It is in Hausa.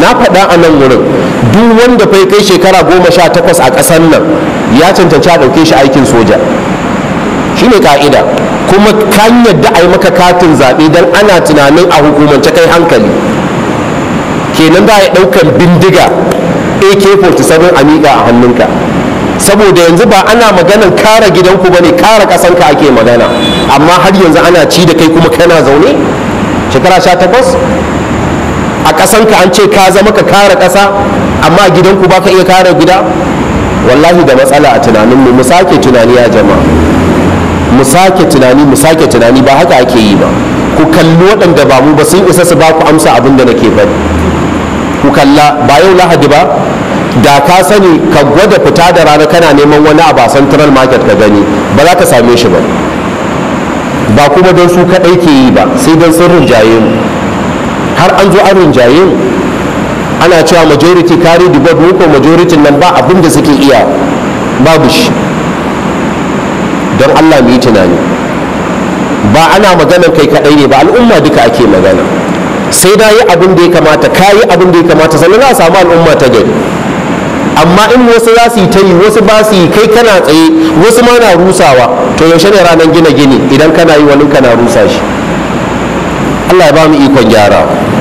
na faɗa a nan wurin duk wanda fai kai shekara goma sha takwas a kasar nan ya cancanci a ɗauke shi aikin soja shi ne ka'ida kuma kan yadda a yi maka katin zaɓe don ana tunanin a hukumance kai hankali kenan ba ya ɗaukar bindiga ak-47 a miƙa a hannunka saboda yanzu ba ana maganan kara gidanku ba ne kara ƙasanka ake magana amma har yanzu ana ci da kai kuma kana zaune shekara sha takwas a ƙasanka an ce ka zama ka kare ƙasa amma gidanku ba ka iya kare gida wallahi da matsala a tunaninmu mu sake tunani ya jama'a mu sake tunani mu tunani ba haka ake yi ba ku kalli waɗanda ba mu ba sun isa su ba ku amsa abin da nake bari ku kalla ba yau lahadi ba da ka sani ka gwada fita da rana kana neman wani abu a central market ka gani ba za ka same shi ba ba kuma don su kaɗai ke yi ba sai don sun rinjaye mu har an zo an rinjaye ana cewa majority carry the vote ko majority nan ba abin da suke iya babu shi don allah mu yi tunani ba ana maganar kai kadai ne ba al'umma duka ake magana sai da yi abin da ya kamata ka yi abin da ya kamata sannan za a samu al'umma ta gari amma in wasu za su yi ta yi wasu ba su yi kai kana tsaye wasu ma na rusawa to yaushe ne ranar gina gini idan kana yi wani kana rusa shi Allah ya ba mu ikon gyara